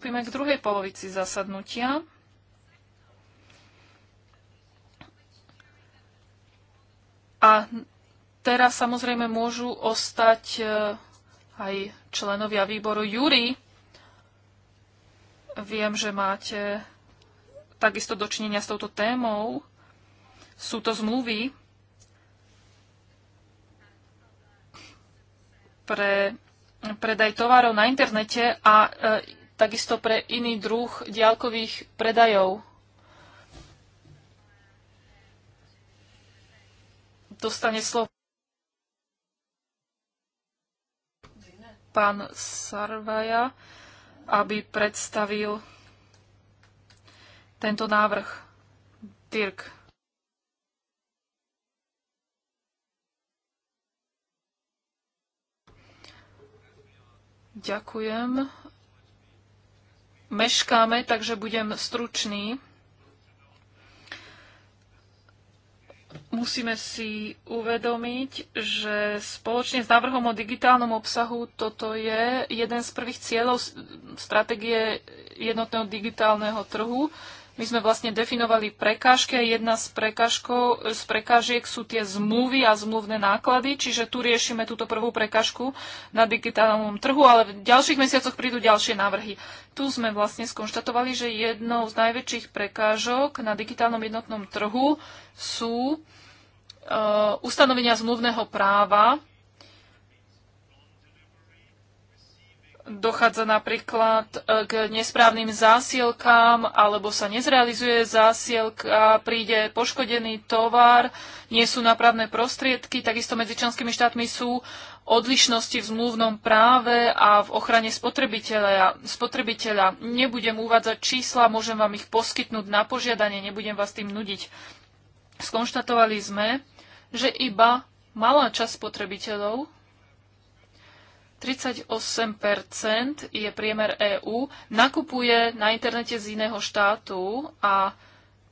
pristúpime k druhej polovici zasadnutia. A teraz samozrejme môžu ostať e, aj členovia výboru Júri. Viem, že máte takisto dočinenia s touto témou. Sú to zmluvy pre predaj tovarov na internete a e, takisto pre iný druh diálkových predajov. Dostane slovo pán Sarvaja, aby predstavil tento návrh. Dirk. Ďakujem meškáme, takže budem stručný. Musíme si uvedomiť, že spoločne s návrhom o digitálnom obsahu toto je jeden z prvých cieľov stratégie jednotného digitálneho trhu, my sme vlastne definovali prekážky a jedna z, z prekážiek sú tie zmluvy a zmluvné náklady, čiže tu riešime túto prvú prekážku na digitálnom trhu, ale v ďalších mesiacoch prídu ďalšie návrhy. Tu sme vlastne skonštatovali, že jednou z najväčších prekážok na digitálnom jednotnom trhu sú uh, ustanovenia zmluvného práva, dochádza napríklad e, k nesprávnym zásielkám alebo sa nezrealizuje zásielka, príde poškodený tovar, nie sú napravné prostriedky. Takisto medzi členskými štátmi sú odlišnosti v zmluvnom práve a v ochrane spotrebiteľa. spotrebiteľa. Nebudem uvádzať čísla, môžem vám ich poskytnúť na požiadanie, nebudem vás tým nudiť. Skonštatovali sme, že iba malá časť spotrebiteľov 38% je priemer EÚ, nakupuje na internete z iného štátu a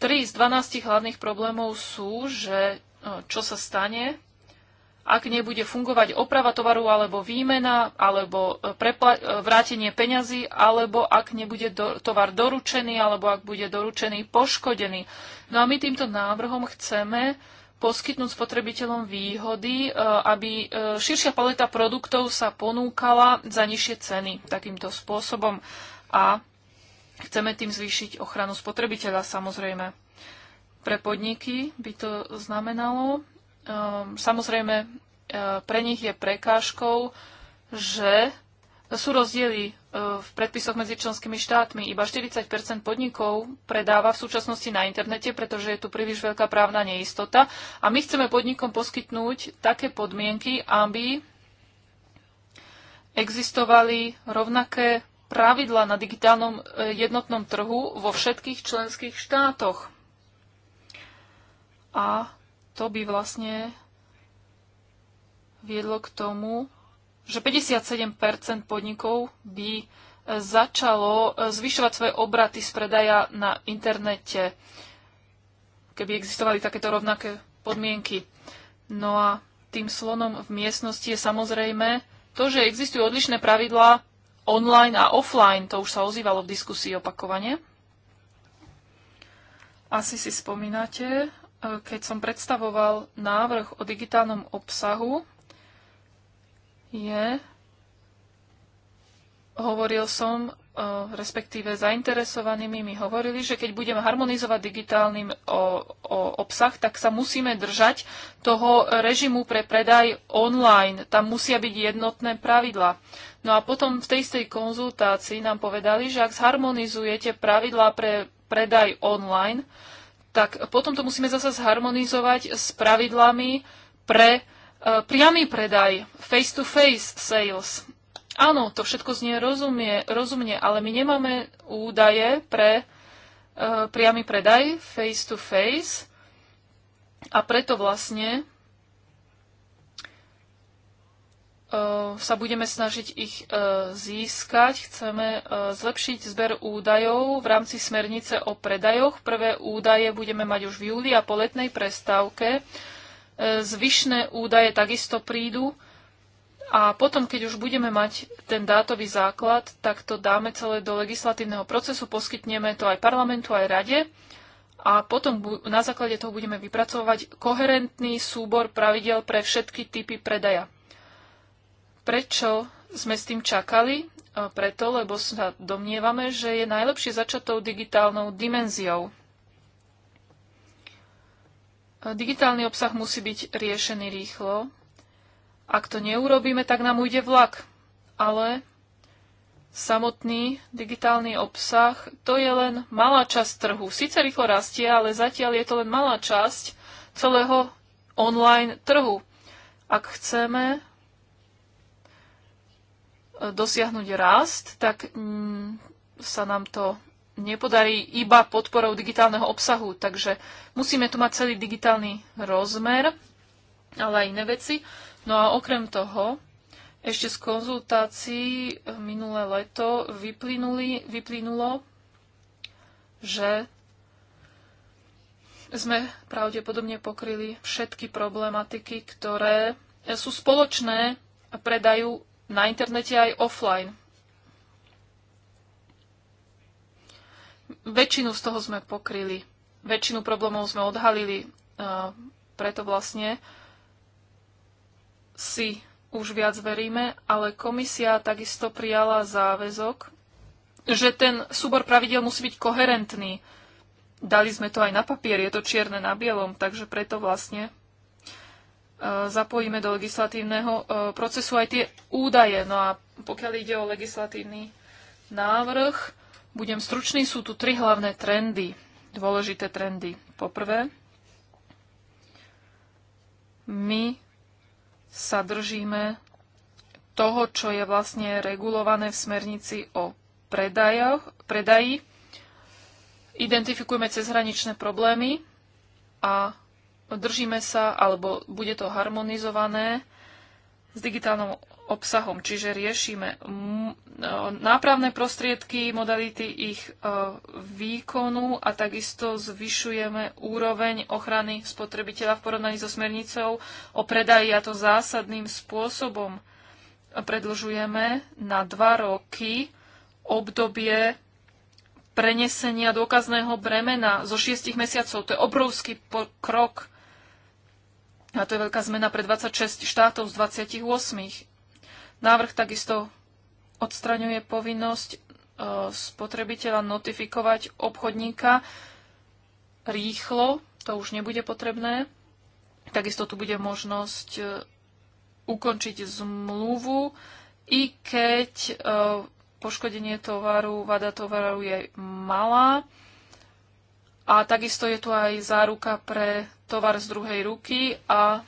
3 z 12 hlavných problémov sú, že no, čo sa stane, ak nebude fungovať oprava tovaru alebo výmena, alebo e, e, vrátenie peňazí, alebo ak nebude do, tovar doručený, alebo ak bude doručený poškodený. No a my týmto návrhom chceme poskytnúť spotrebiteľom výhody, e, aby e, širšia paleta produktov sa ponúkala za nižšie ceny takýmto spôsobom a chceme tým zvýšiť ochranu spotrebiteľa samozrejme. Pre podniky by to znamenalo, e, samozrejme pre nich je prekážkou, že sú rozdiely e, v predpisoch medzi členskými štátmi. Iba 40 podnikov predáva v súčasnosti na internete, pretože je tu príliš veľká právna neistota. A my chceme podnikom poskytnúť také podmienky, aby existovali rovnaké pravidla na digitálnom e, jednotnom trhu vo všetkých členských štátoch. A to by vlastne viedlo k tomu, že 57 podnikov by e, začalo e, zvyšovať svoje obraty z predaja na internete, keby existovali takéto rovnaké podmienky. No a tým slonom v miestnosti je samozrejme to, že existujú odlišné pravidlá online a offline. To už sa ozývalo v diskusii opakovane. Asi si spomínate, e, keď som predstavoval návrh o digitálnom obsahu, je, hovoril som, eh, respektíve zainteresovanými mi hovorili, že keď budeme harmonizovať digitálnym eh, o, o obsah, tak sa musíme držať toho režimu pre predaj online. Tam musia byť jednotné pravidla. No a potom v tej istej konzultácii nám povedali, že ak zharmonizujete pravidlá pre predaj online, tak potom to musíme zase zharmonizovať s pravidlami pre Eh, priamy predaj, face-to-face sales. Áno, to všetko znie rozumie, rozumne, ale my nemáme údaje pre eh, priamy predaj face-to-face a preto vlastne eh, sa budeme snažiť ich získať. Chceme zlepšiť zber údajov v rámci smernice o predajoch. Prvé údaje budeme mať už v júli a po letnej prestávke Zvyšné údaje takisto prídu a potom, keď už budeme mať ten dátový základ, tak to dáme celé do legislatívneho procesu, poskytneme to aj parlamentu, aj rade a potom na základe toho budeme vypracovať koherentný súbor pravidel pre všetky typy predaja. Prečo sme s tým čakali? Preto, lebo sa domnievame, že je najlepšie začať tou digitálnou dimenziou. Digitálny obsah musí byť riešený rýchlo. Ak to neurobíme, tak nám ujde vlak. Ale samotný digitálny obsah to je len malá časť trhu. Sice rýchlo rastie, ale zatiaľ je to len malá časť celého online trhu. Ak chceme e, dosiahnuť rast, tak mm, sa nám to nepodarí iba podporou digitálneho obsahu. Takže musíme tu mať celý digitálny rozmer, ale aj iné veci. No a okrem toho, ešte z konzultácií eh, minulé leto vyplynulo, že sme pravdepodobne pokryli všetky problematiky, ktoré sú spoločné a predajú na internete aj offline. Väčšinu z toho sme pokryli. Väčšinu problémov sme odhalili, e, preto vlastne si už viac veríme, ale komisia takisto prijala záväzok, že ten súbor pravidel musí byť koherentný. Dali sme to aj na papier, je to čierne na bielom, takže preto vlastne e, zapojíme do legislatívneho e, procesu aj tie údaje. No a pokiaľ ide o legislatívny návrh, budem stručný, sú tu tri hlavné trendy, dôležité trendy. Poprvé, my sa držíme toho, čo je vlastne regulované v smernici o predajoch, predaji. Identifikujeme cezhraničné problémy a držíme sa, alebo bude to harmonizované s digitálnou obsahom. Čiže riešime e, nápravné prostriedky, modality ich e, výkonu a takisto zvyšujeme úroveň ochrany spotrebiteľa v porovnaní so smernicou o predaji a to zásadným spôsobom. Predlžujeme na dva roky obdobie prenesenia dôkazného bremena zo šiestich mesiacov. To je obrovský krok. A to je veľká zmena pre 26 štátov z 28. Návrh takisto odstraňuje povinnosť e, spotrebiteľa notifikovať obchodníka rýchlo, to už nebude potrebné. Takisto tu bude možnosť e, ukončiť zmluvu, i keď e, poškodenie tovaru, vada tovaru je malá. A takisto je tu aj záruka pre tovar z druhej ruky a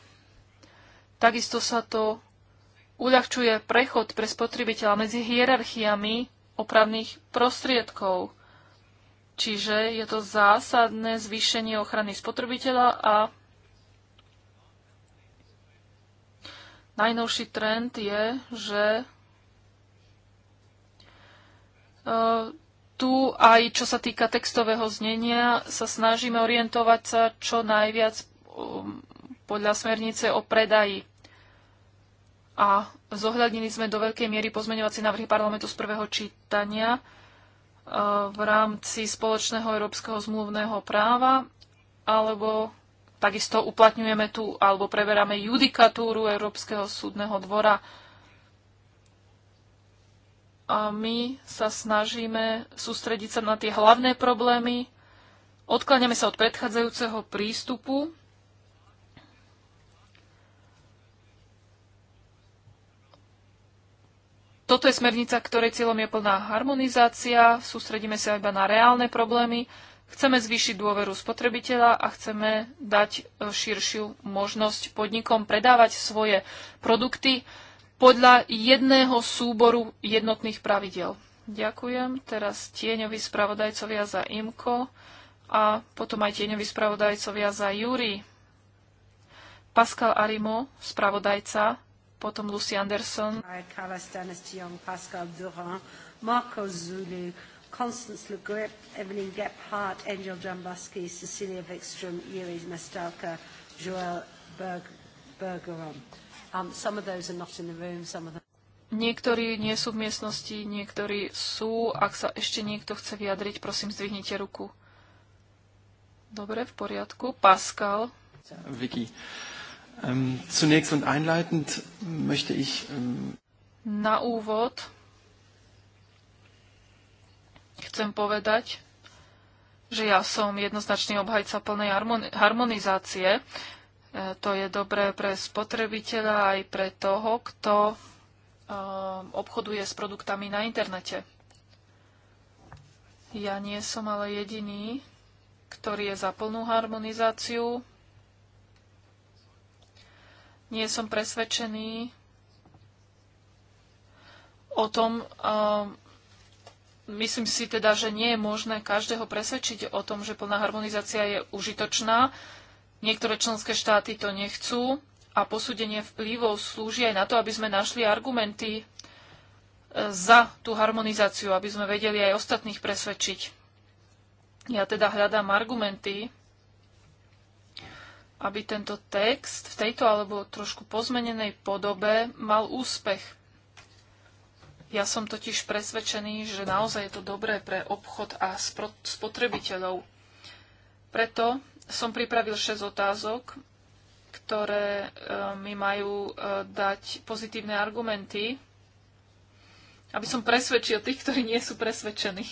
takisto sa to uľahčuje prechod pre spotrebiteľa medzi hierarchiami opravných prostriedkov. Čiže je to zásadné zvýšenie ochrany spotrebiteľa a najnovší trend je, že e, tu aj čo sa týka textového znenia sa snažíme orientovať sa čo najviac um, podľa smernice o predaji a zohľadnili sme do veľkej miery pozmeňovacie návrhy parlamentu z prvého čítania e, v rámci spoločného európskeho zmluvného práva, alebo takisto uplatňujeme tu alebo preberáme judikatúru Európskeho súdneho dvora. A my sa snažíme sústrediť sa na tie hlavné problémy, odkláňame sa od predchádzajúceho prístupu, Toto je smernica, ktorej cieľom je plná harmonizácia, sústredíme sa iba na reálne problémy, chceme zvýšiť dôveru spotrebiteľa a chceme dať e, širšiu možnosť podnikom predávať svoje produkty podľa jedného súboru jednotných pravidel. Ďakujem. Teraz tieňoví spravodajcovia za IMKO a potom aj tieňoví spravodajcovia za Júri. Pascal Arimo, spravodajca, potom Lucy Anderson. Constance Le Grip, Evelyn Gephardt, Angel Jambuski, Cecilia Vikstrom, Yuri Mastalka, Joel Berg, Bergeron. Um, some of those are not in the room, some of them... Niektorí nie sú v miestnosti, niektorí sú. Ak sa ešte niekto chce vyjadriť, prosím, zdvihnite ruku. Dobre, v poriadku. Pascal. Vicky. Ähm, zunächst und einleitend möchte ich. Ähm, na úvod chcem povedať, že ja som jednoznačný obhajca plnej harmonizácie. E, to je dobré pre spotrebiteľa aj pre toho, kto e, obchoduje s produktami na internete. Ja nie som ale jediný, ktorý je za plnú harmonizáciu nie som presvedčený o tom, myslím si teda, že nie je možné každého presvedčiť o tom, že plná harmonizácia je užitočná. Niektoré členské štáty to nechcú a posúdenie vplyvov slúži aj na to, aby sme našli argumenty e, za tú harmonizáciu, aby sme vedeli aj ostatných presvedčiť. Ja teda hľadám argumenty, aby tento text v tejto alebo trošku pozmenenej podobe mal úspech. Ja som totiž presvedčený, že naozaj je to dobré pre obchod a spotrebiteľov. Preto som pripravil 6 otázok, ktoré e, mi majú e, dať pozitívne argumenty, aby som presvedčil tých, ktorí nie sú presvedčení.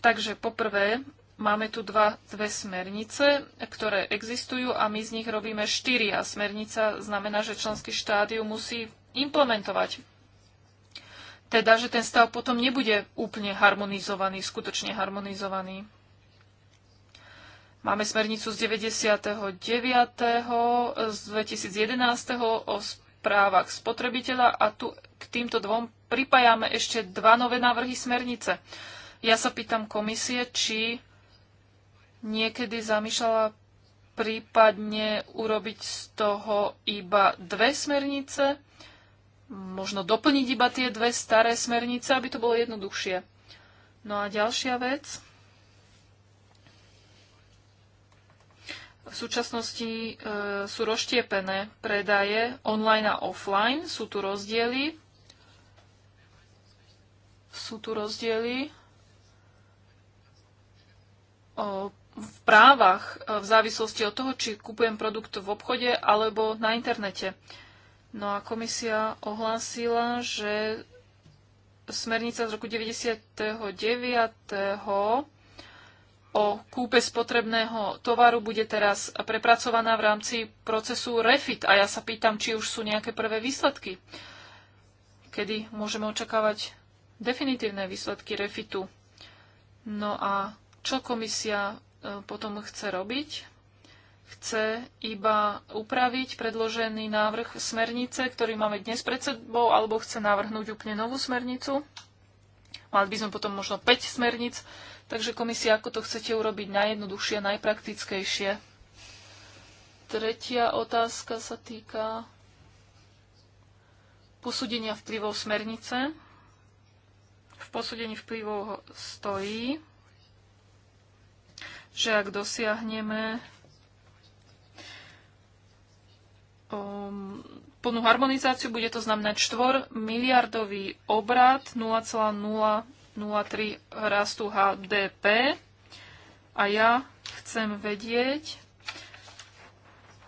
Takže poprvé, Máme tu dva, dve smernice, ktoré existujú a my z nich robíme štyri. A smernica znamená, že členský štát ju musí implementovať. Teda, že ten stav potom nebude úplne harmonizovaný, skutočne harmonizovaný. Máme smernicu z 99. z 2011. o správach spotrebiteľa a tu k týmto dvom pripájame ešte dva nové návrhy smernice. Ja sa pýtam komisie, či niekedy zamýšľala prípadne urobiť z toho iba dve smernice, možno doplniť iba tie dve staré smernice, aby to bolo jednoduchšie. No a ďalšia vec. V súčasnosti e, sú roštiepené predaje online a offline. Sú tu rozdiely. Sú tu rozdiely. O, v právach e, v závislosti od toho, či kupujem produkt v obchode alebo na internete. No a komisia ohlásila, že smernica z roku 99 o kúpe spotrebného tovaru bude teraz prepracovaná v rámci procesu REFIT. A ja sa pýtam, či už sú nejaké prvé výsledky. Kedy môžeme očakávať definitívne výsledky REFITu. No a čo komisia potom chce robiť. Chce iba upraviť predložený návrh smernice, ktorý máme dnes pred sebou, alebo chce navrhnúť úplne novú smernicu. Mali by sme potom možno 5 smernic. Takže komisia, ako to chcete urobiť najjednoduchšie a najpraktickejšie? Tretia otázka sa týka posúdenia vplyvov smernice. V posúdení vplyvov stojí, že ak dosiahneme um, plnú harmonizáciu, bude to znamenať 4 miliardový obrad 0,003 rastu HDP. A ja chcem vedieť,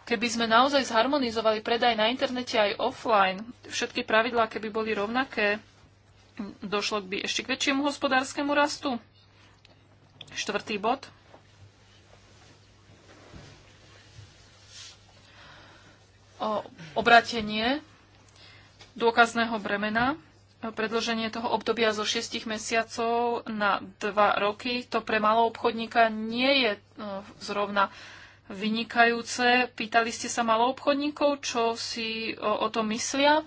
keby sme naozaj zharmonizovali predaj na internete aj offline, všetky pravidlá, keby boli rovnaké, došlo by ešte k väčšiemu hospodárskemu rastu. Štvrtý bod. obratenie dôkazného bremena, predloženie toho obdobia zo 6 mesiacov na 2 roky. To pre malého obchodníka nie je no, zrovna vynikajúce. Pýtali ste sa malou obchodníkov, čo si o, o tom myslia?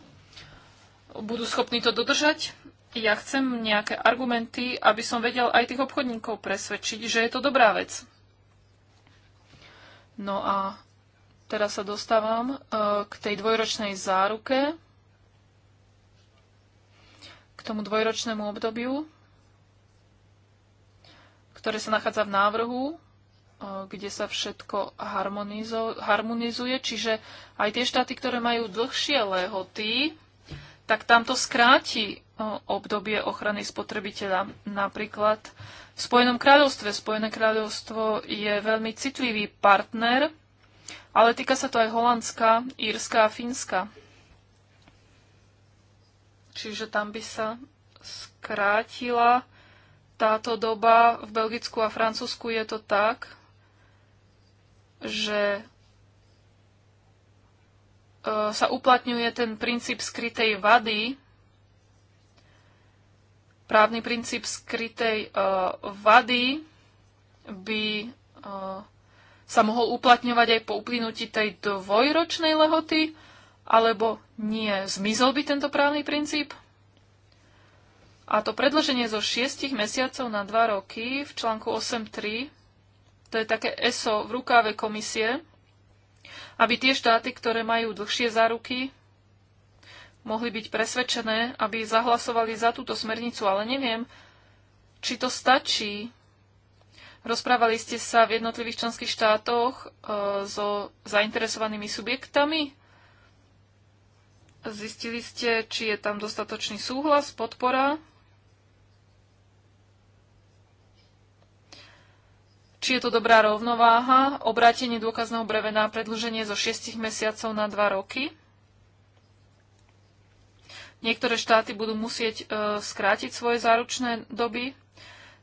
Budú schopní to dodržať? Ja chcem nejaké argumenty, aby som vedel aj tých obchodníkov presvedčiť, že je to dobrá vec. No a Teraz sa dostávam e, k tej dvojročnej záruke, k tomu dvojročnému obdobiu, ktoré sa nachádza v návrhu, e, kde sa všetko harmonizuje, čiže aj tie štáty, ktoré majú dlhšie lehoty, tak tamto skráti e, obdobie ochrany spotrebiteľa. Napríklad v Spojenom kráľovstve. Spojené kráľovstvo je veľmi citlivý partner ale týka sa to aj Holandska, Írska a Fínska. Čiže tam by sa skrátila táto doba. V Belgicku a Francúzsku je to tak, že e, sa uplatňuje ten princíp skrytej vady, právny princíp skrytej uh, vady by uh, sa mohol uplatňovať aj po uplynutí tej dvojročnej lehoty, alebo nie? Zmizol by tento právny princíp? A to predlženie zo 6 mesiacov na 2 roky v článku 8.3, to je také ESO v rukáve komisie, aby tie štáty, ktoré majú dlhšie záruky, mohli byť presvedčené, aby zahlasovali za túto smernicu, ale neviem, či to stačí, Rozprávali ste sa v jednotlivých členských štátoch e, so zainteresovanými subjektami? Zistili ste, či je tam dostatočný súhlas, podpora? Či je to dobrá rovnováha, obrátenie dôkazného brevena, predlženie zo 6 mesiacov na 2 roky? Niektoré štáty budú musieť e, skrátiť svoje záručné doby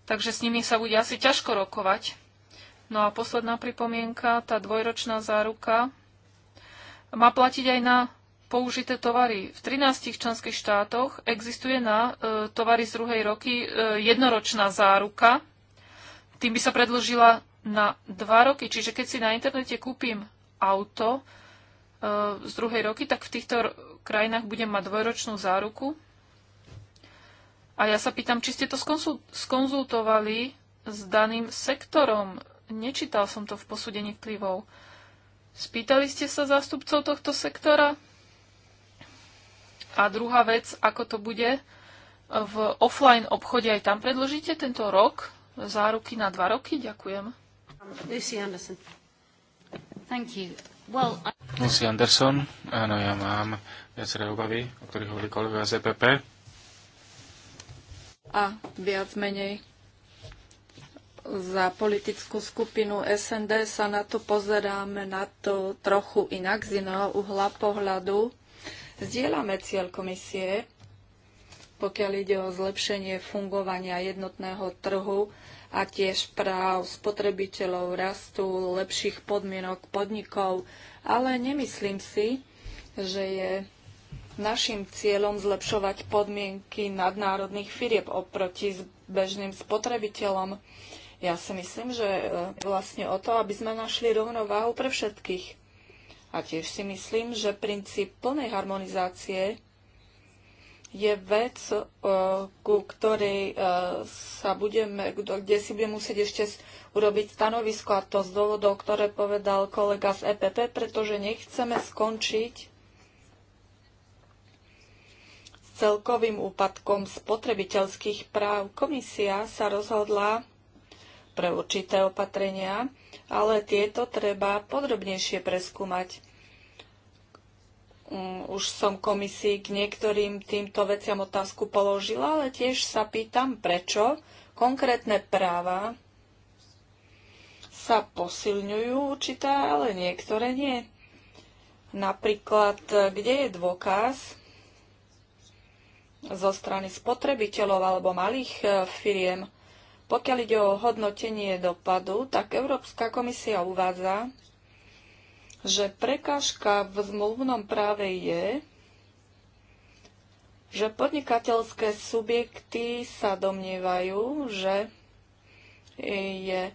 takže s nimi sa bude asi ťažko rokovať. No a posledná pripomienka, tá dvojročná záruka má platiť aj na použité tovary. V 13 členských štátoch existuje na e, tovary z druhej roky e, jednoročná záruka. Tým by sa predlžila na dva roky. Čiže keď si na internete kúpim auto e, z druhej roky, tak v týchto krajinách budem mať dvojročnú záruku. A ja sa pýtam, či ste to skonzultovali s daným sektorom. Nečítal som to v posúdení vplyvov. Spýtali ste sa zástupcov tohto sektora? A druhá vec, ako to bude v offline obchode, aj tam predložíte tento rok záruky na dva roky? Ďakujem. Lucy Anderson. Thank you. Well, I... Lucy Anderson, áno, ja mám viaceré obavy, o ktorých hovorí kolega z EPP a viac menej za politickú skupinu SND sa na to pozeráme na to trochu inak z iného uhla pohľadu. Zdieľame cieľ komisie, pokiaľ ide o zlepšenie fungovania jednotného trhu a tiež práv spotrebiteľov, rastu, lepších podmienok podnikov, ale nemyslím si, že je našim cieľom zlepšovať podmienky nadnárodných firieb oproti bežným spotrebiteľom. Ja si myslím, že e, vlastne o to, aby sme našli rovnováhu pre všetkých. A tiež si myslím, že princíp plnej harmonizácie je vec, e, ku ktorej e, sa budeme, kde si budeme musieť ešte urobiť stanovisko a to z dôvodov, ktoré povedal kolega z EPP, pretože nechceme skončiť celkovým úpadkom spotrebiteľských práv. Komisia sa rozhodla pre určité opatrenia, ale tieto treba podrobnejšie preskúmať. Mm, už som komisii k niektorým týmto veciam otázku položila, ale tiež sa pýtam, prečo konkrétne práva sa posilňujú určité, ale niektoré nie. Napríklad, kde je dôkaz, zo strany spotrebiteľov alebo malých e, firiem. Pokiaľ ide o hodnotenie dopadu, tak Európska komisia uvádza, že prekážka v zmluvnom práve je, že podnikateľské subjekty sa domnievajú, že, je, e,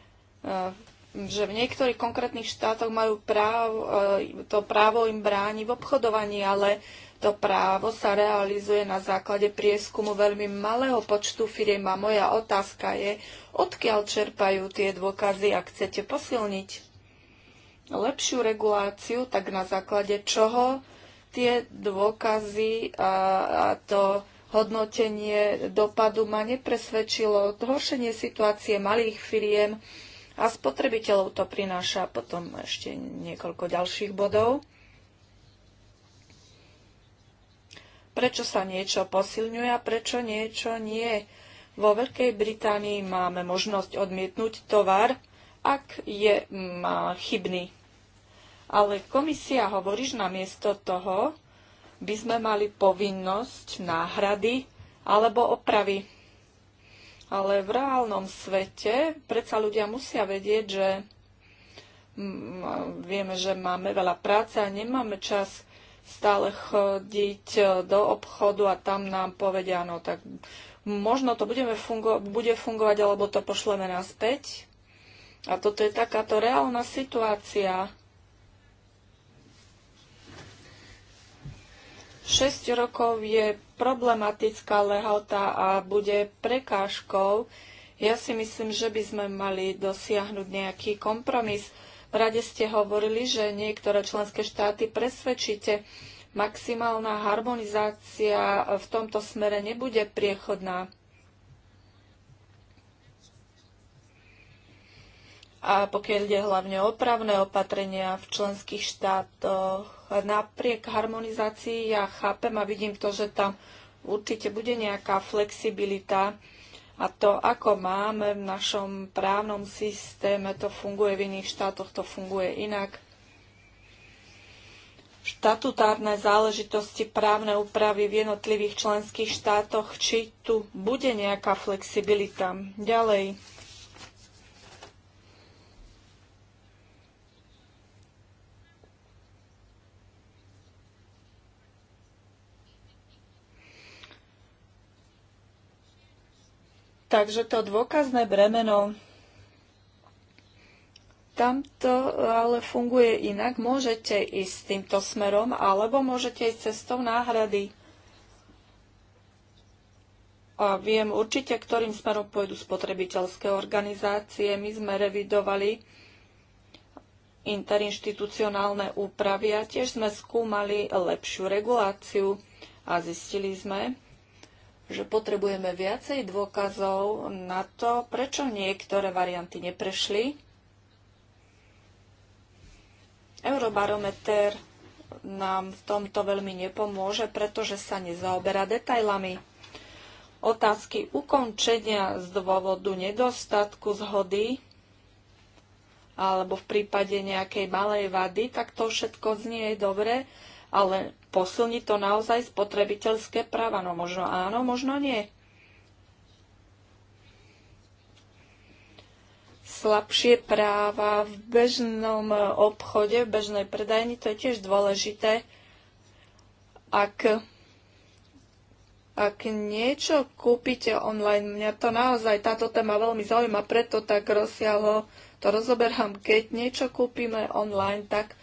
že v niektorých konkrétnych štátoch majú právo, e, to právo im bráni v obchodovaní, ale to právo sa realizuje na základe prieskumu veľmi malého počtu firiem a moja otázka je, odkiaľ čerpajú tie dôkazy a chcete posilniť lepšiu reguláciu, tak na základe čoho tie dôkazy a, a to hodnotenie dopadu ma nepresvedčilo. Zhoršenie situácie malých firiem a spotrebiteľov to prináša potom ešte niekoľko ďalších bodov. prečo sa niečo posilňuje a prečo niečo nie. Vo Veľkej Británii máme možnosť odmietnúť tovar, ak je m, mm, chybný. Ale komisia hovorí, že namiesto toho by sme mali povinnosť náhrady alebo opravy. Ale v reálnom svete predsa ľudia musia vedieť, že mm, vieme, že máme veľa práce a nemáme čas stále chodiť e, do obchodu a tam nám povedia, no tak možno to budeme fungo- bude fungovať, alebo to pošleme naspäť. A toto je takáto reálna situácia. 6 rokov je problematická lehota a bude prekážkou. Ja si myslím, že by sme mali dosiahnuť nejaký kompromis v rade ste hovorili, že niektoré členské štáty presvedčíte, maximálna harmonizácia v tomto smere nebude priechodná. A pokiaľ ide hlavne o opravné opatrenia v členských štátoch, napriek harmonizácii ja chápem a vidím to, že tam určite bude nejaká flexibilita a to, ako máme v našom právnom systéme, to funguje v iných štátoch, to funguje inak. Štatutárne záležitosti právne úpravy v jednotlivých členských štátoch, či tu bude nejaká flexibilita. Ďalej, Takže to dôkazné bremeno tamto ale funguje inak. Môžete ísť týmto smerom, alebo môžete ísť cestou náhrady. A viem určite, ktorým smerom pôjdu spotrebiteľské organizácie. My sme revidovali interinštitucionálne úpravy a tiež sme skúmali lepšiu reguláciu a zistili sme, že potrebujeme viacej dôkazov na to, prečo niektoré varianty neprešli. Eurobarometer nám v tomto veľmi nepomôže, pretože sa nezaoberá detailami. Otázky ukončenia z dôvodu nedostatku zhody alebo v prípade nejakej malej vady, tak to všetko znie dobre, ale posilní to naozaj spotrebiteľské práva. No možno áno, možno nie. Slabšie práva v bežnom obchode, v bežnej predajni, to je tiež dôležité. Ak, ak niečo kúpite online, mňa to naozaj táto téma veľmi zaujíma, preto tak rozsiahlo to rozoberám. Keď niečo kúpime online, tak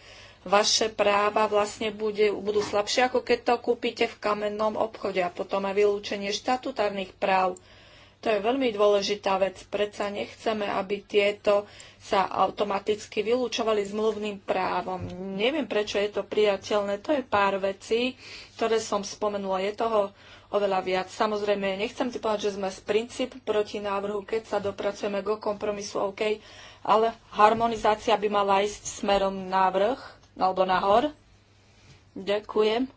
vaše práva vlastne bude, budú slabšie, ako keď to kúpite v kamennom obchode. A potom aj vylúčenie štatutárnych práv. To je veľmi dôležitá vec. Predsa nechceme, aby tieto sa automaticky vylúčovali zmluvným právom. Neviem, prečo je to priateľné. To je pár vecí, ktoré som spomenula. Je toho oveľa viac. Samozrejme, nechcem si povedať, že sme z princíp proti návrhu, keď sa dopracujeme k kompromisu OK, ale harmonizácia by mala ísť smerom návrh alebo nahor. Ďakujem.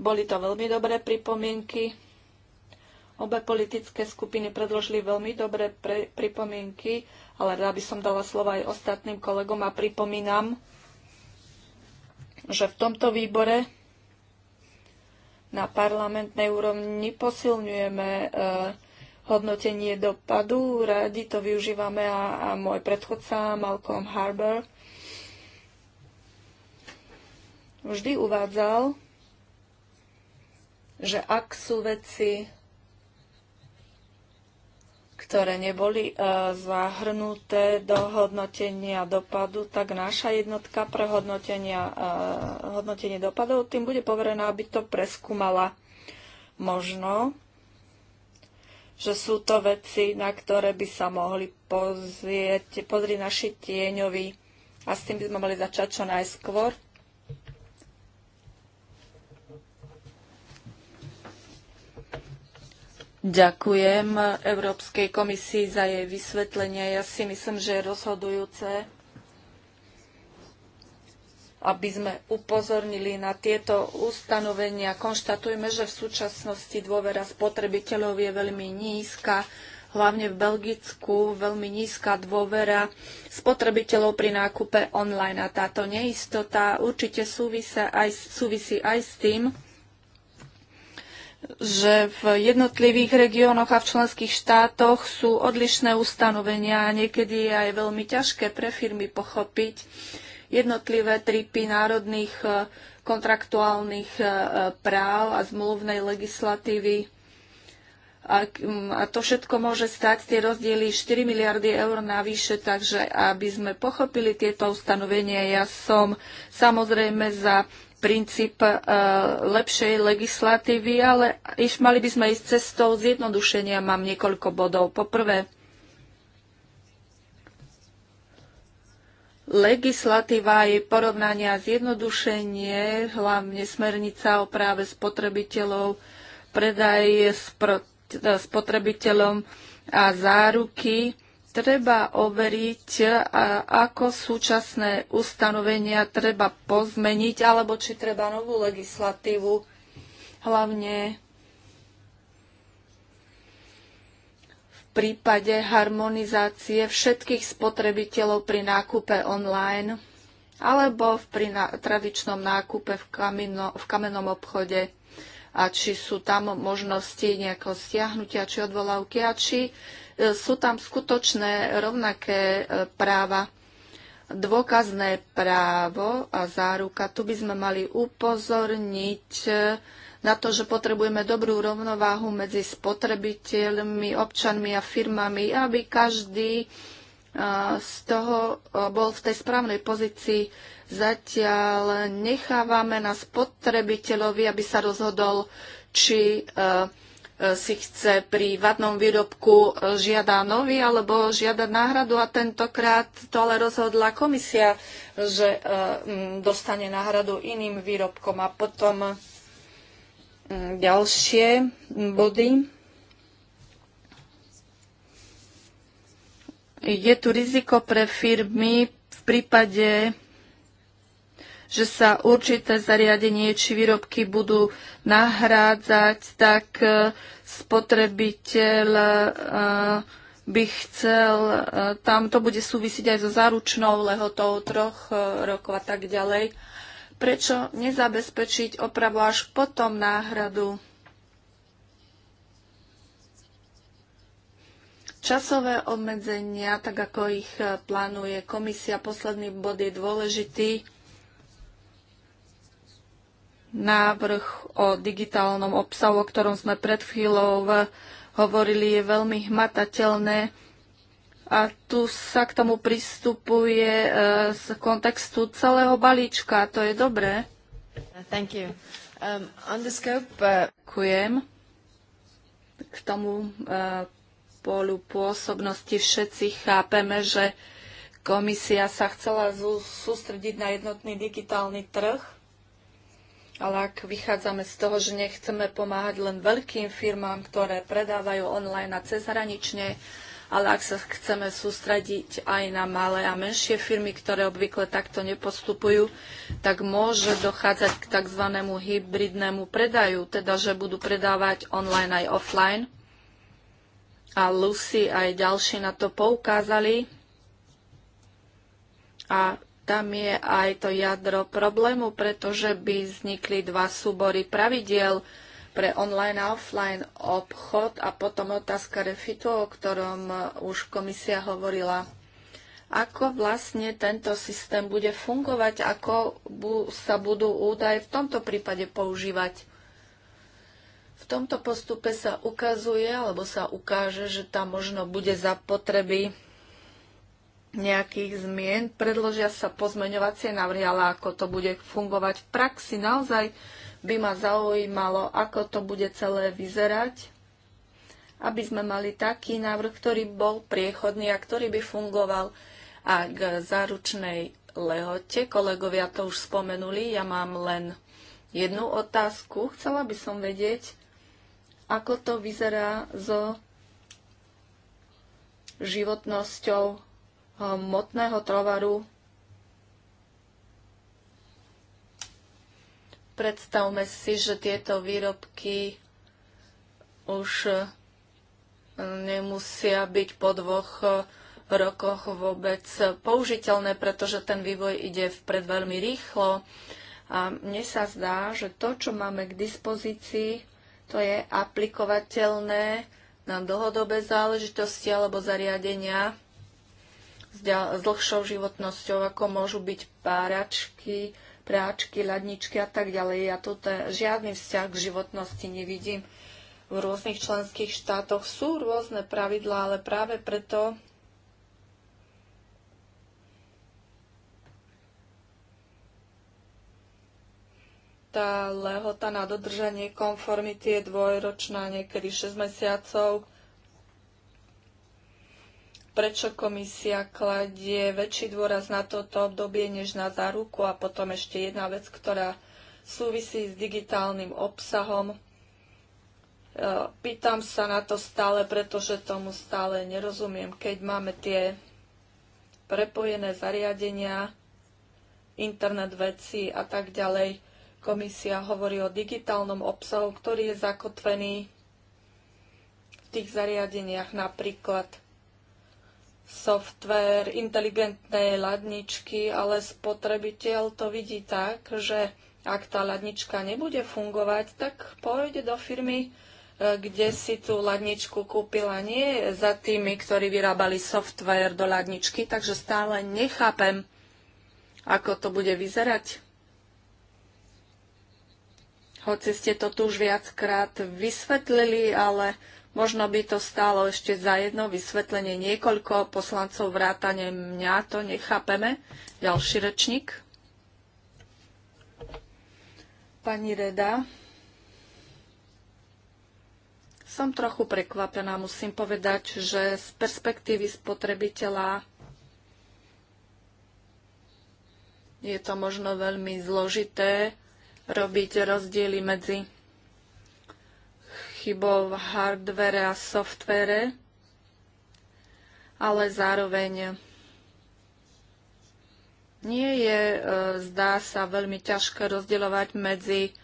Boli to veľmi dobré pripomienky. Obe politické skupiny predložili veľmi dobré pre, pripomienky, ale rád by som dala slova aj ostatným kolegom a pripomínam, že v tomto výbore na parlamentnej úrovni posilňujeme e, hodnotenie dopadu, radi to využívame a, a môj predchodca Malcolm Harbour vždy uvádzal, že ak sú veci, ktoré neboli e, zahrnuté do hodnotenia dopadu, tak naša jednotka pre hodnotenia, e, hodnotenie dopadov tým bude poverená, aby to preskúmala. Možno, že sú to veci, na ktoré by sa mohli pozrieť, pozrieť naši tieňovi a s tým by sme mali začať čo najskôr Ďakujem Európskej komisii za jej vysvetlenie. Ja si myslím, že je rozhodujúce, aby sme upozornili na tieto ustanovenia. Konštatujme, že v súčasnosti dôvera spotrebiteľov je veľmi nízka, hlavne v Belgicku, veľmi nízka dôvera spotrebiteľov pri nákupe online. A táto neistota určite súvisí aj, súvisí aj s tým, že v jednotlivých regiónoch a v členských štátoch sú odlišné ustanovenia a niekedy je aj veľmi ťažké pre firmy pochopiť jednotlivé tripy národných e, kontraktuálnych e, práv a zmluvnej legislatívy. A, a to všetko môže stať tie rozdiely 4 miliardy eur navyše, takže aby sme pochopili tieto ustanovenia, ja som samozrejme za princíp e, lepšej legislatívy, ale iš, mali by sme ísť cestou zjednodušenia. Mám niekoľko bodov. Poprvé, legislatíva je porovnania zjednodušenie, hlavne smernica o práve spotrebiteľov, predaj e, spotrebiteľom a záruky treba overiť, ako súčasné ustanovenia treba pozmeniť, alebo či treba novú legislatívu, hlavne v prípade harmonizácie všetkých spotrebiteľov pri nákupe online alebo v pri na, tradičnom nákupe v, kamino, v kamennom obchode a či sú tam možnosti nejakého stiahnutia či odvolávky a či E, sú tam skutočné rovnaké e, práva. Dôkazné právo a záruka. Tu by sme mali upozorniť e, na to, že potrebujeme dobrú rovnováhu medzi spotrebiteľmi, občanmi a firmami, aby každý z toho bol v tej správnej pozícii. Zatiaľ nechávame na spotrebiteľovi, aby sa rozhodol, či E, si chce pri vadnom výrobku e, žiada nový alebo žiada náhradu a tentokrát to ale rozhodla komisia, že e, dostane náhradu iným výrobkom a potom ďalšie body. Je tu riziko pre firmy v prípade že sa určité zariadenie či výrobky budú nahrádzať, tak e, spotrebiteľ e, by chcel, e, tam to bude súvisiť aj so záručnou lehotou troch rokov a tak ďalej. Prečo nezabezpečiť opravu až potom náhradu? Časové obmedzenia, tak ako ich plánuje komisia, posledný bod je dôležitý návrh o digitálnom obsahu, o ktorom sme pred chvíľou eh, hovorili, je veľmi hmatateľné a tu sa k tomu pristupuje eh, z kontextu celého balíčka. To je dobré. Thank you. Um, on the scope, uh... Ďakujem. K tomu eh, polu pôsobnosti všetci chápeme, že komisia sa chcela sústrediť na jednotný digitálny trh ale ak vychádzame z toho, že nechceme pomáhať len veľkým firmám, ktoré predávajú online a cezhranične, ale ak sa chceme sústrediť aj na malé a menšie firmy, ktoré obvykle takto nepostupujú, tak môže dochádzať k tzv. hybridnému predaju, teda že budú predávať online aj offline. A Lucy aj ďalší na to poukázali. A tam je aj to jadro problému, pretože by vznikli dva súbory pravidiel pre online a offline obchod a potom otázka refitu, o ktorom eh, už komisia hovorila. Ako vlastne tento systém bude fungovať, ako sa budú údaje v tomto prípade používať? V tomto postupe sa ukazuje alebo sa ukáže, že tam možno bude zapotreby nejakých zmien, predložia sa pozmeňovacie návrhy, ale ako to bude fungovať v praxi, naozaj by ma zaujímalo, ako to bude celé vyzerať, aby sme mali taký návrh, ktorý bol priechodný a ktorý by fungoval a k záručnej lehote. Kolegovia to už spomenuli, ja mám len jednu otázku. Chcela by som vedieť, ako to vyzerá so životnosťou motného tovaru. Predstavme si, že tieto výrobky už e, nemusia byť po dvoch e, rokoch vôbec použiteľné, pretože ten vývoj ide vpred veľmi rýchlo. A mne sa zdá, že to, čo máme k dispozícii, to je aplikovateľné na dlhodobé záležitosti alebo zariadenia, s dlhšou životnosťou, ako môžu byť páračky, práčky, ľadničky a tak ďalej. Ja tu žiadny vzťah k životnosti nevidím. V rôznych členských štátoch sú rôzne pravidlá, ale práve preto tá lehota na dodržanie konformity je dvojročná, niekedy 6 mesiacov, prečo komisia kladie väčší dôraz na toto obdobie než na záruku. A potom ešte jedna vec, ktorá súvisí s digitálnym obsahom. E, pýtam sa na to stále, pretože tomu stále nerozumiem. Keď máme tie prepojené zariadenia, internet veci a tak ďalej, komisia hovorí o digitálnom obsahu, ktorý je zakotvený v tých zariadeniach napríklad software, inteligentné ladničky, ale spotrebiteľ to vidí tak, že ak tá ladnička nebude fungovať, tak pôjde do firmy, e, kde si tú ladničku kúpila, nie za tými, ktorí vyrábali software do ladničky, takže stále nechápem, ako to bude vyzerať. Hoci ste to tu už viackrát vysvetlili, ale Možno by to stálo ešte za jedno vysvetlenie niekoľko poslancov vrátane mňa, to nechápeme. Ďalší rečník. Pani Reda. Som trochu prekvapená, musím povedať, že z perspektívy spotrebiteľa je to možno veľmi zložité robiť rozdiely medzi chybou v hardvere a softvere, ale zároveň nie je, e, zdá sa, veľmi ťažké rozdeľovať medzi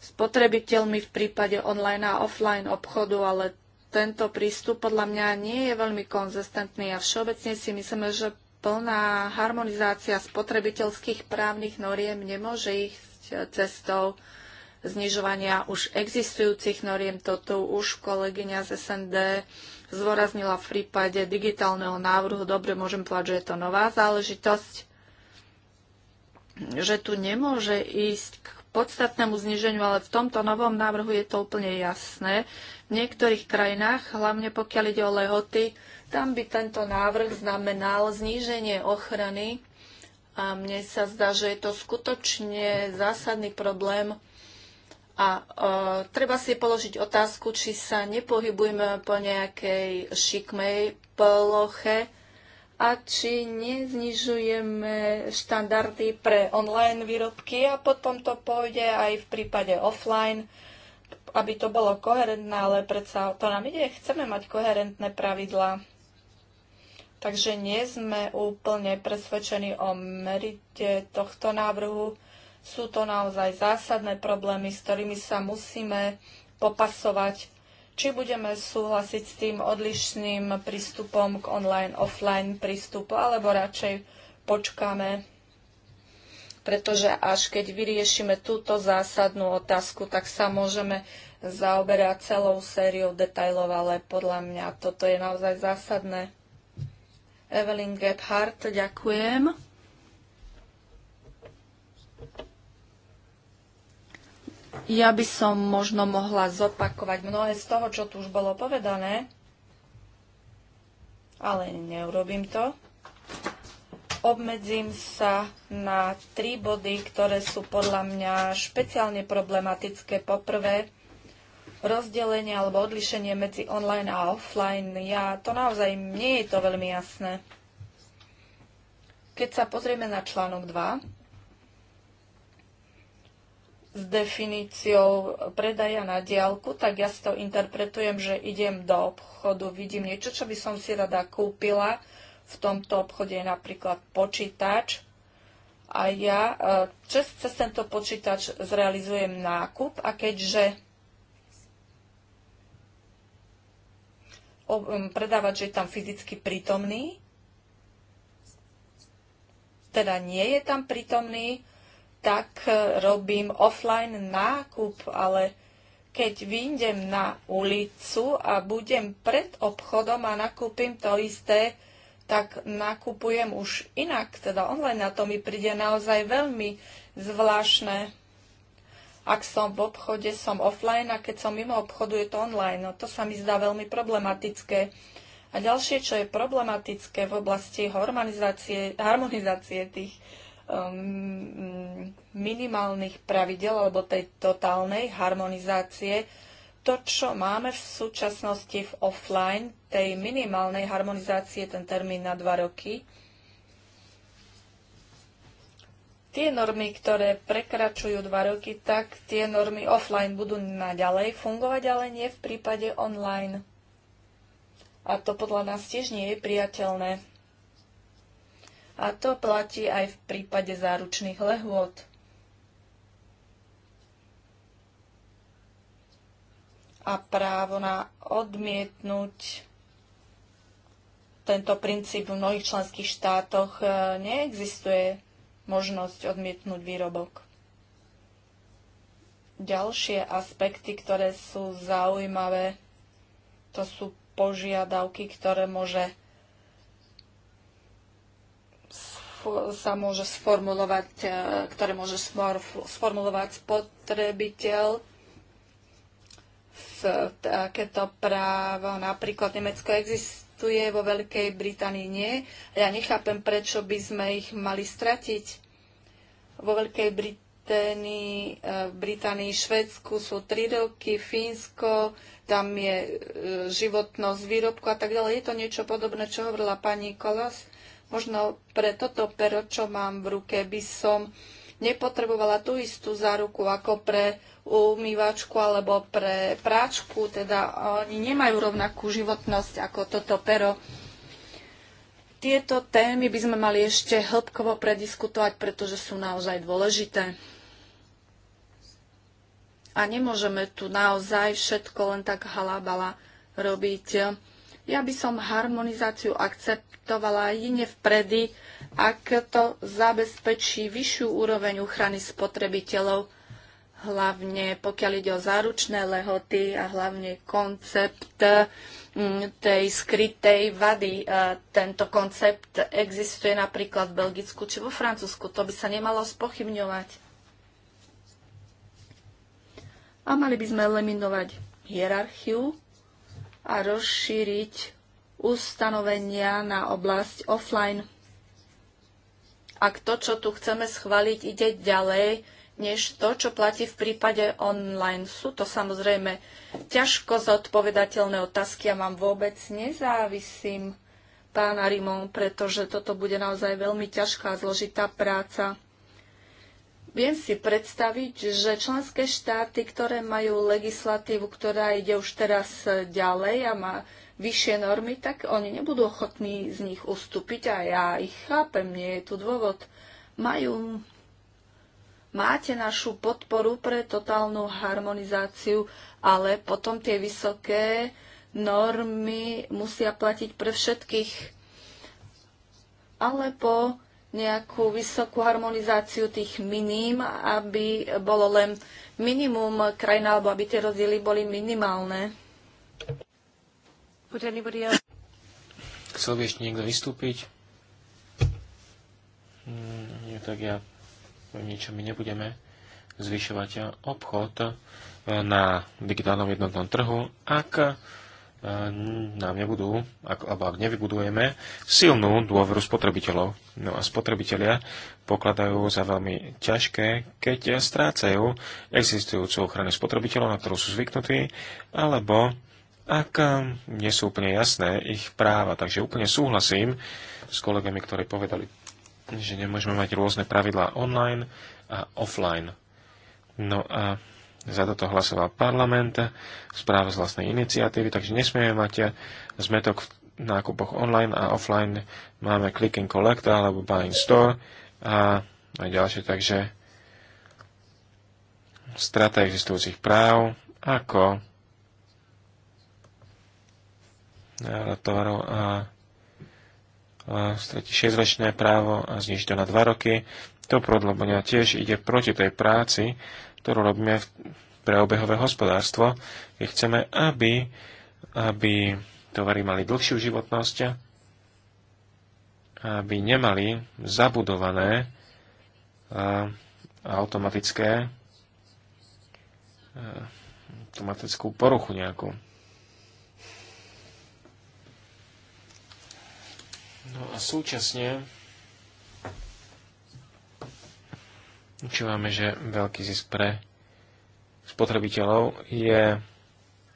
spotrebiteľmi v prípade online a offline obchodu, ale tento prístup podľa mňa nie je veľmi konzistentný a všeobecne si myslíme, že plná harmonizácia spotrebiteľských právnych noriem nemôže ísť cestou znižovania už existujúcich noriem. toto už kolegyňa z SND zvoraznila v prípade digitálneho návrhu. Dobre, môžem povedať, že je to nová záležitosť, že tu nemôže ísť k podstatnému zniženiu, ale v tomto novom návrhu je to úplne jasné. V niektorých krajinách, hlavne pokiaľ ide o lehoty, tam by tento návrh znamenal zníženie ochrany a mne sa zdá, že je to skutočne zásadný problém a o, e, treba si položiť otázku, či sa nepohybujeme po nejakej šikmej ploche a či neznižujeme štandardy pre online výrobky a potom to pôjde aj v prípade offline, aby to bolo koherentné, ale predsa to nám ide, chceme mať koherentné pravidlá. Takže nie sme úplne presvedčení o merite tohto návrhu sú to naozaj zásadné problémy, s ktorými sa musíme popasovať, či budeme súhlasiť s tým odlišným prístupom k online-offline prístupu, alebo radšej počkáme, pretože až keď vyriešime túto zásadnú otázku, tak sa môžeme zaoberať celou sériou detajlov, ale podľa mňa toto je naozaj zásadné. Evelyn Gebhardt, ďakujem. Ja by som možno mohla zopakovať mnohé z toho, čo tu už bolo povedané, ale neurobím to. Obmedzím sa na tri body, ktoré sú podľa mňa špeciálne problematické. Poprvé, rozdelenie alebo odlišenie medzi online a offline. Ja to naozaj nie je to veľmi jasné. Keď sa pozrieme na článok 2, s definíciou predaja na diálku, tak ja si to interpretujem, že idem do obchodu, vidím niečo, čo by som si rada kúpila. V tomto obchode je napríklad počítač a ja e, cez, cez tento počítač zrealizujem nákup a keďže predávač je tam fyzicky prítomný, teda nie je tam prítomný, tak eh, robím offline nákup, ale keď vyjdem na ulicu a budem pred obchodom a nakúpim to isté, tak nakupujem už inak, teda online. na to mi príde naozaj veľmi zvláštne. Ak som v obchode, som offline a keď som mimo obchodu, je to online. No, to sa mi zdá veľmi problematické. A ďalšie, čo je problematické v oblasti harmonizácie, harmonizácie tých Um, minimálnych pravidel alebo tej totálnej harmonizácie, to, čo máme v súčasnosti v offline, tej minimálnej harmonizácie, ten termín na dva roky, tie normy, ktoré prekračujú dva roky, tak tie normy offline budú naďalej fungovať, ale nie v prípade online. A to podľa nás tiež nie je priateľné. A to platí aj v prípade záručných lehôd. A právo na odmietnúť tento princíp v mnohých členských štátoch e, neexistuje možnosť odmietnúť výrobok ďalšie aspekty, ktoré sú zaujímavé, to sú požiadavky, ktoré môže sa môže sformulovať, e, ktoré môže sformulovať spotrebiteľ takéto právo. Napríklad Nemecko existuje, vo Veľkej Británii nie. Ja nechápem, prečo by sme ich mali stratiť. Vo Veľkej Británii, e, v Británii, Švedsku sú tri roky, Fínsko, tam je e, životnosť výrobku a tak ďalej. Je to niečo podobné, čo hovorila pani Kolos. Možno pre toto pero, čo mám v ruke, by som nepotrebovala tú istú záruku ako pre umývačku alebo pre práčku. Teda oni nemajú rovnakú životnosť ako toto pero. Tieto témy by sme mali ešte hĺbkovo prediskutovať, pretože sú naozaj dôležité. A nemôžeme tu naozaj všetko len tak halabala robiť. Ja by som harmonizáciu akceptovala jedine vpredy, ak to zabezpečí vyššiu úroveň ochrany spotrebiteľov, hlavne pokiaľ ide o záručné lehoty a hlavne koncept mm, tej skrytej vady. E, tento koncept existuje napríklad v Belgicku či vo Francúzsku. To by sa nemalo spochybňovať. A mali by sme eliminovať hierarchiu a rozšíriť ustanovenia na oblasť offline. Ak to, čo tu chceme schváliť, ide ďalej než to, čo platí v prípade online, sú to samozrejme ťažko zodpovedateľné otázky a vám vôbec nezávisím pána Rimon, pretože toto bude naozaj veľmi ťažká a zložitá práca. Viem si predstaviť, že členské štáty, ktoré majú legislatívu, ktorá ide už teraz ďalej a má vyššie normy, tak oni nebudú ochotní z nich ustúpiť a ja ich chápem, nie je tu dôvod. Majú, máte našu podporu pre totálnu harmonizáciu, ale potom tie vysoké normy musia platiť pre všetkých. alebo. po nejakú vysokú harmonizáciu tých miním, aby bolo len minimum krajín, alebo aby tie rozdiely boli minimálne. Chcel by ešte niekto vystúpiť? Mm, nie, tak ja niečo my nebudeme zvyšovať obchod eh, na digitálnom jednotnom trhu, ak Ehm, nám nebudú, ak, alebo ak nevybudujeme, silnú dôveru spotrebiteľov. No a spotrebitelia pokladajú za veľmi ťažké, keď strácajú existujúcu ochranu spotrebiteľov, na ktorú sú zvyknutí, alebo ak ehm, nie sú úplne jasné ich práva. Takže úplne súhlasím s kolegami, ktorí povedali, že nemôžeme mať rôzne pravidlá online a offline. No a za toto hlasoval parlament, správa z vlastnej iniciatívy, takže nesmieme mať eh, zmetok v nákupoch online a offline. Máme click and collect alebo buy in store a aj ďalšie, takže strata existujúcich práv, ako tovarov a stratí 6-ročné právo a zniží to na 2 roky. To prodlobenia tiež ide proti tej práci, ktorú robíme pre obehové hospodárstvo, keď chceme, aby, aby tovary mali dlhšiu životnosť, aby nemali zabudované a, automatické automatickú poruchu nejakú. No a súčasne Čívame, že veľký zisk pre spotrebiteľov je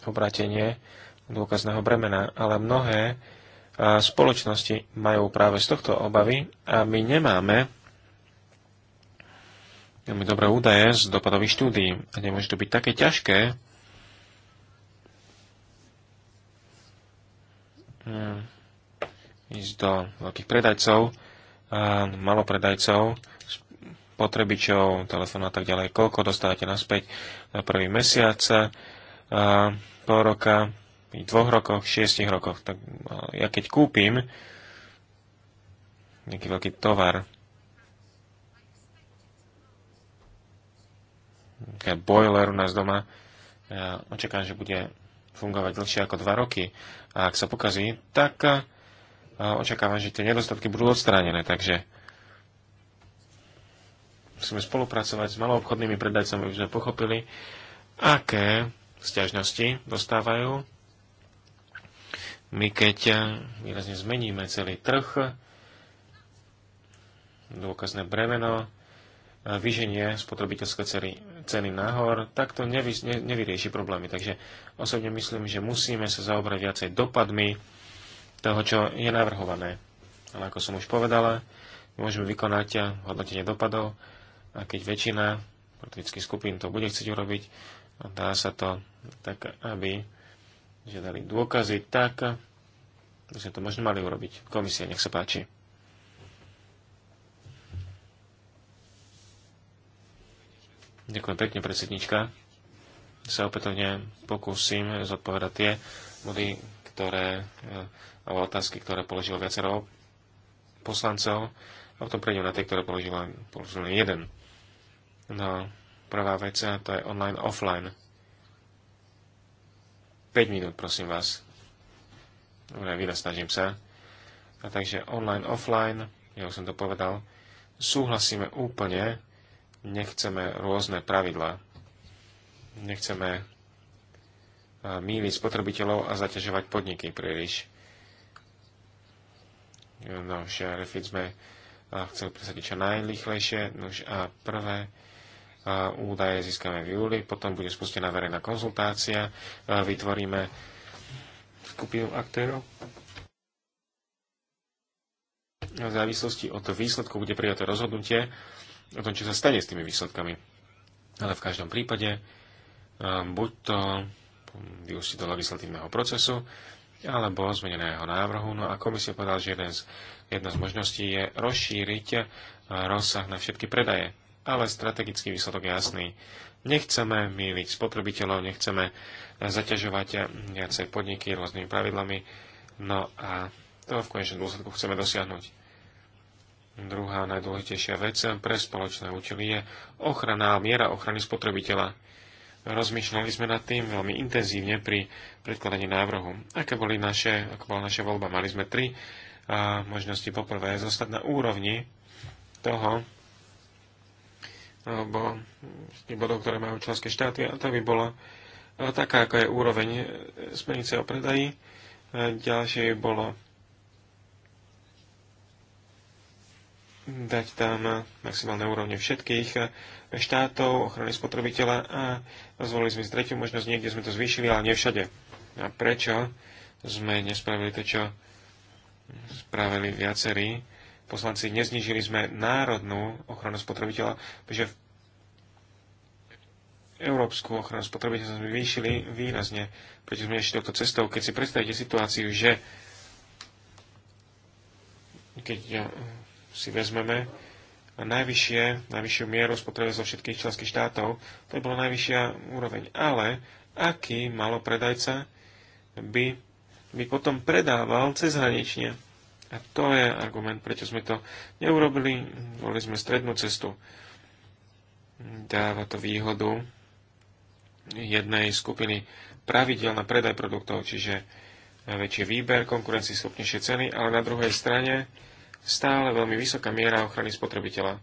obratenie dôkazného bremena, ale mnohé spoločnosti majú práve z tohto obavy a my nemáme veľmi dobré údaje z dopadových štúdií a nemôže to byť také ťažké hm, ísť do veľkých predajcov, a malopredajcov s potrebičov, telefón a tak ďalej, koľko dostávate naspäť na prvý mesiac, pol roka, dvoch rokoch, šiestich rokoch. Tak no, ja keď kúpim nejaký veľký tovar, boiler u nás doma, ja očakám, že bude fungovať dlhšie ako 2 roky. A ak sa pokazí, tak očakávam, že tie nedostatky budú odstránené. Takže musíme spolupracovať s maloobchodnými predajcami, aby sme pochopili, aké stiažnosti dostávajú. My keď výrazne zmeníme celý trh, dôkazné bremeno, vyženie spotrebiteľské ceny, ceny nahor, tak to nevy, ne, nevyrieši problémy. Takže osobne myslím, že musíme sa zaobrať viacej dopadmi toho, čo je navrhované. Ale ako som už povedala, môžeme vykonať hodnotenie dopadov a keď väčšina politických skupín to bude chcieť urobiť, dá sa to tak, aby žiadali dôkazy, tak by sme to možno mali urobiť. Komisia, nech sa páči. Ďakujem pekne, predsednička. Sa opätovne pokúsim zodpovedať tie body, ktoré, eh, alebo otázky, ktoré položilo viacero poslancov. A potom prejdem na tie, ktoré položila, jeden. No, prvá vec, to je online, offline. 5 minút, prosím vás. Dobre, vynasnažím sa. A takže online, offline, ja už som to povedal, súhlasíme úplne, nechceme rôzne pravidlá. Nechceme míliť spotrebiteľov a zaťažovať podniky príliš. No už sme chceli presadiť čo najrychlejšie. Nož a prvé údaje získame v júli, potom bude spustená verejná konzultácia, vytvoríme skupinu aktérov. V závislosti od výsledku bude prijaté rozhodnutie o tom, čo sa stane s tými výsledkami. Ale v každom prípade buď to vyústi do legislatívneho procesu, alebo zmeneného návrhu. No a komisia povedala, že jeden z, jedna z možností je rozšíriť rozsah na všetky predaje ale strategický výsledok je jasný. Nechceme míliť spotrebiteľov, nechceme zaťažovať viacej podniky rôznymi pravidlami, no a to v konečnom dôsledku chceme dosiahnuť. Druhá najdôležitejšia vec pre spoločné účely je ochrana a miera ochrany spotrebiteľa. Rozmýšľali sme nad tým veľmi intenzívne pri predkladaní návrhu. Aké boli naše, ako bola naša voľba? Mali sme tri a, možnosti. Poprvé, zostať na úrovni toho, alebo z tých bodov, ktoré majú členské štáty, a to by bola e, taká, ako je úroveň e, smernice o predaji. E, ďalšie bolo dať tam maximálne úrovne všetkých štátov, ochrany spotrebiteľa a zvolili sme tretiu možnosť, niekde sme to zvýšili, ale nevšade. A prečo sme nespravili to, čo spravili viacerí poslanci, neznižili sme národnú ochranu spotrebiteľa, že európsku ochranu spotrebiteľa sme vyšili výrazne, pretože sme ešte touto cestou. Keď si predstavíte situáciu, že keď si vezmeme najvyššie, najvyššiu mieru spotreby zo všetkých členských štátov, to je bola najvyššia úroveň. Ale aký malopredajca by, by potom predával cezhranične? A to je argument, prečo sme to neurobili. Volili sme strednú cestu. Dáva to výhodu jednej skupiny pravidel na predaj produktov, čiže väčší výber, schopnejšie ceny, ale na druhej strane stále veľmi vysoká miera ochrany spotrebiteľa.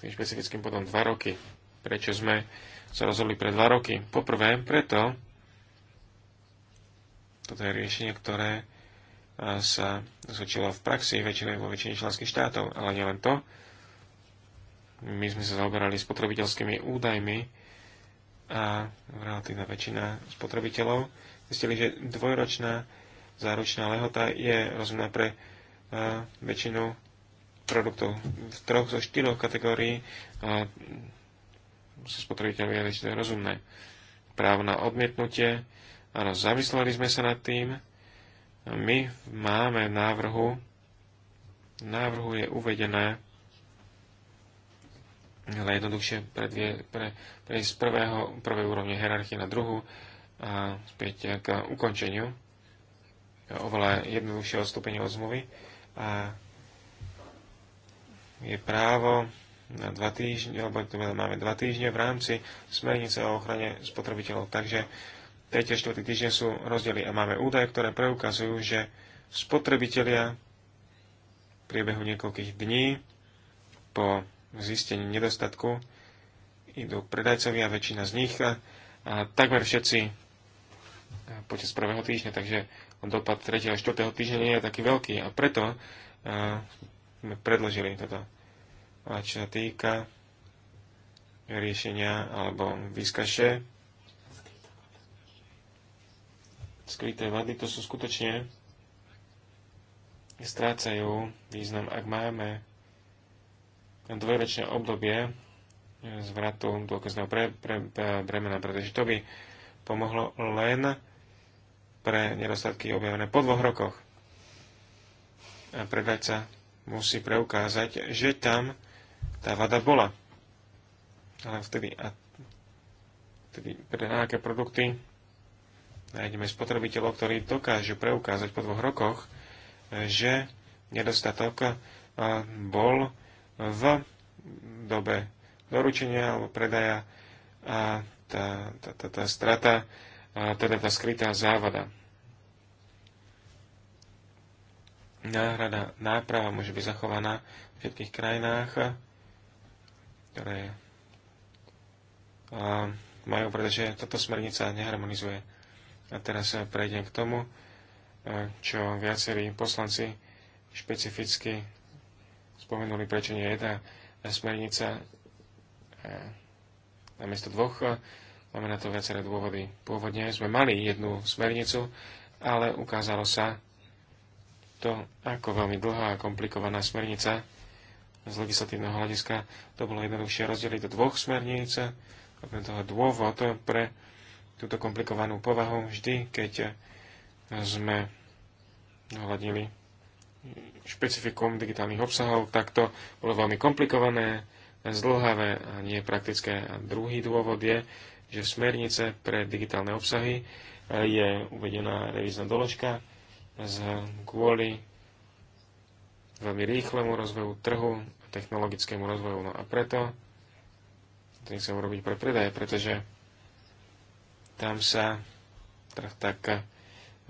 Tým špecifickým potom 2 roky. Prečo sme sa rozhodli pre 2 roky? Poprvé, preto toto je riešenie, ktoré sa zúčilo v praxi väčšine vo väčšine členských štátov, ale nielen to. My sme sa zaoberali spotrebiteľskými údajmi a relatívna väčšina spotrebiteľov zistili, že dvojročná záručná lehota je rozumná pre väčšinu produktov. V troch zo štyroch kategórií a, sa spotrebiteľ že to je rozumné. Právo na odmietnutie, áno, zamysleli sme sa nad tým, my máme v návrhu, v návrhu je uvedené, ale jednoduchšie dvie, pre, pre z prvého, prvej úrovne hierarchie na druhú a späť k ukončeniu. Oveľa jednoduchšie odstúpenie od zmluvy. A je právo na dva týždne, alebo máme dva týždne v rámci smernice o ochrane spotrebiteľov. Takže 3. a 4. týždeň sú rozdiely a máme údaje, ktoré preukazujú, že spotrebitelia v priebehu niekoľkých dní po zistení nedostatku idú predajcovia, väčšina z nich a, a takmer všetci e, počas prvého týždňa, takže dopad 3. a 4. týždňa nie je taký veľký a preto a, e, sme predložili toto. A čo sa týka riešenia alebo výskaše, skryté vady, to sú skutočne strácajú význam, ak máme dvojročné obdobie eh, zvratu dôkazného pre, pre, pre, bremena, pretože to by pomohlo len pre nedostatky objavené po dvoch rokoch. A predajca musí preukázať, že tam tá vada bola. Ale vtedy, a vtedy pre nejaké produkty nájdeme spotrebiteľov, ktorí dokážu preukázať po dvoch rokoch, že nedostatok eh, bol v dobe doručenia alebo predaja a tá, tá, tá, tá strata, eh, teda tá skrytá závada. Náhrada, náprava môže byť zachovaná v všetkých krajinách, ktoré eh, majú, pretože táto smernica neharmonizuje a teraz sa eh, prejdem k tomu, eh, čo viacerí poslanci špecificky spomenuli, prečenie jedna smernica eh, namiesto dvoch. Máme na to viaceré dôvody. Pôvodne sme mali jednu smernicu, ale ukázalo sa to, ako veľmi dlhá a komplikovaná smernica z legislatívneho hľadiska. To bolo jednoduchšie rozdeliť do dvoch smerníc. Okrem toho dôvod pre túto komplikovanú povahu vždy, keď sme hľadili špecifikum digitálnych obsahov, tak to bolo veľmi komplikované, zdlhavé a nie praktické. A druhý dôvod je, že v smernice pre digitálne obsahy eh, je uvedená revízna doložka z kvôli veľmi rýchlemu rozvoju trhu, a technologickému rozvoju. No a preto to nechcem urobiť pre predaje, pretože tam sa tak eh,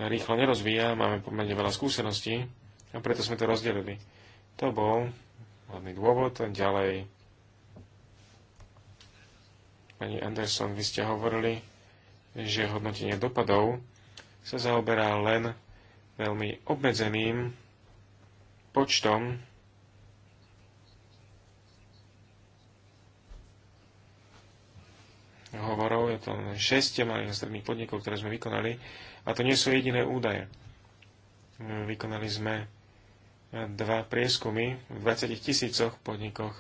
rýchlo nerozvíja, máme pomerne veľa skúseností a preto sme to rozdelili. To bol hlavný dôvod. Ďalej, pani Anderson, vy ste hovorili, že hodnotenie dopadov sa zaoberá len veľmi obmedzeným počtom hovorov, je to len 6 malých stredných podnikov, ktoré sme vykonali, a to nie sú jediné údaje. Vykonali sme dva prieskumy v 20 tisícoch podnikoch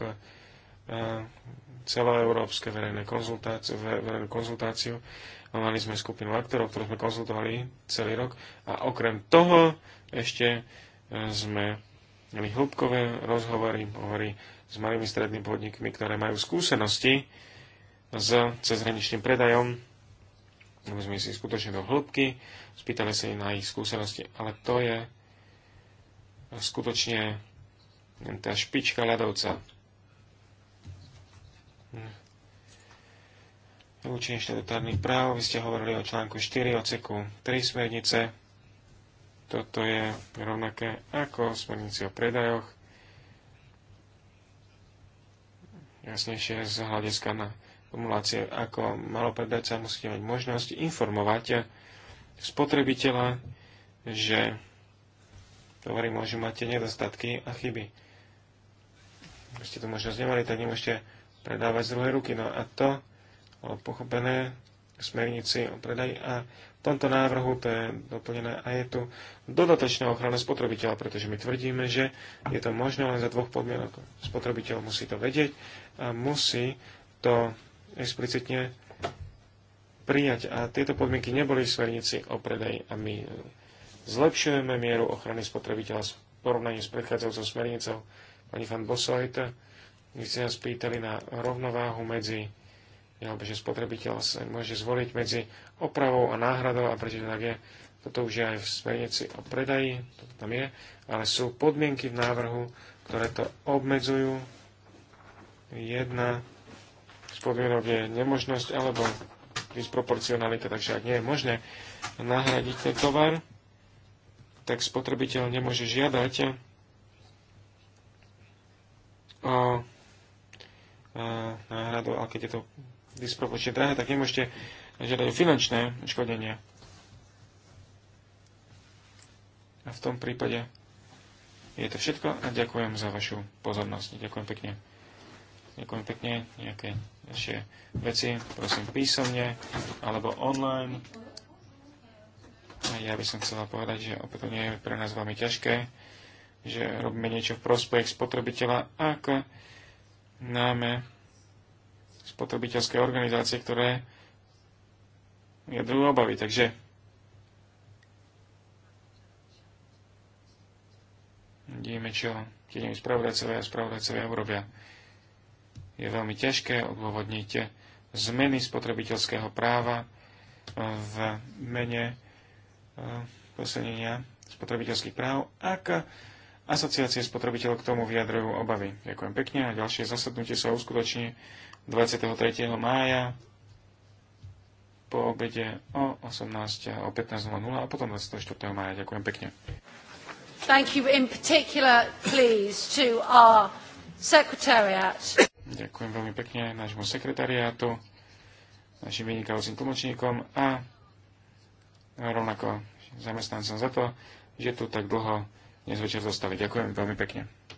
Európske verejné konzultácie, verejnú konzultáciu. Mali sme skupinu aktorov, ktorú sme konzultovali celý rok a okrem toho ešte e, sme mali hĺbkové rozhovory, hovory s malými strednými podnikmi, ktoré majú skúsenosti s cezhraničným predajom. aby sme si skutočne do hĺbky, spýtali sa na ich skúsenosti, ale to je skutočne tá špička ľadovca. Vylúčenie štatutárnych práv, vy ste hovorili o článku 4 oceku 3 smernice. Toto je rovnaké ako smernici o predajoch. Jasnejšie z hľadiska na formulácie ako predajca musíte mať možnosť informovať spotrebiteľa, že tovary môžu mať nedostatky a chyby. Ak ste tu možnosť nemali, tak nemôžete predávať z druhej ruky. No a to bolo pochopené v smernici o predaji a v tomto návrhu to je doplnené a je tu dodatočná ochrana spotrebiteľa, pretože my tvrdíme, že je to možné len za dvoch podmienok. Spotrebiteľ musí to vedieť a musí to explicitne prijať. A tieto podmienky neboli v smernici o predaj a my zlepšujeme mieru ochrany spotrebiteľa v porovnaní s predchádzajúcou smernicou. Pani van Bosleit, my ste nás pýtali na rovnováhu medzi alebo že spotrebiteľ sa môže zvoliť medzi opravou a náhradou a prečo tak je. Toto už je aj v smernici o predaji, toto tam je, ale sú podmienky v návrhu, ktoré to obmedzujú. Jedna podmienok je nemožnosť alebo disproporcionalita. Takže ak nie je možné nahradiť ten tovar, tak spotrebiteľ nemôže žiadať o náhradu, ale keď je to disproporčne drahé, tak nemôžete žiadať o finančné škodenie. A v tom prípade je to všetko a ďakujem za vašu pozornosť. Ďakujem pekne. Ďakujem pekne. Nejaké ešte veci, prosím, písomne alebo online. A Ja by som chcela povedať, že nie je pre nás veľmi ťažké, že robíme niečo v prospech spotrebiteľa, ak máme spotrebiteľské organizácie, ktoré jadrujú obavy. Takže vidíme, čo tie spravodajcovia a spravodajcovia urobia je veľmi ťažké odôvodniť zmeny spotrebiteľského práva e, v mene e, posilnenia spotrebiteľských práv, ak asociácie spotrebiteľov k tomu vyjadrujú obavy. Ďakujem pekne a ďalšie zasadnutie sa uskutoční 23. mája po obede o 18, o 15.00 a potom 24. mája. Ďakujem pekne. Thank you in particular, please, to our secretariat. Ďakujem veľmi pekne nášmu sekretariátu, našim vynikajúcim tlmočníkom a rovnako zamestnancom za to, že tu tak dlho dnes večer zostali. Ďakujem veľmi pekne.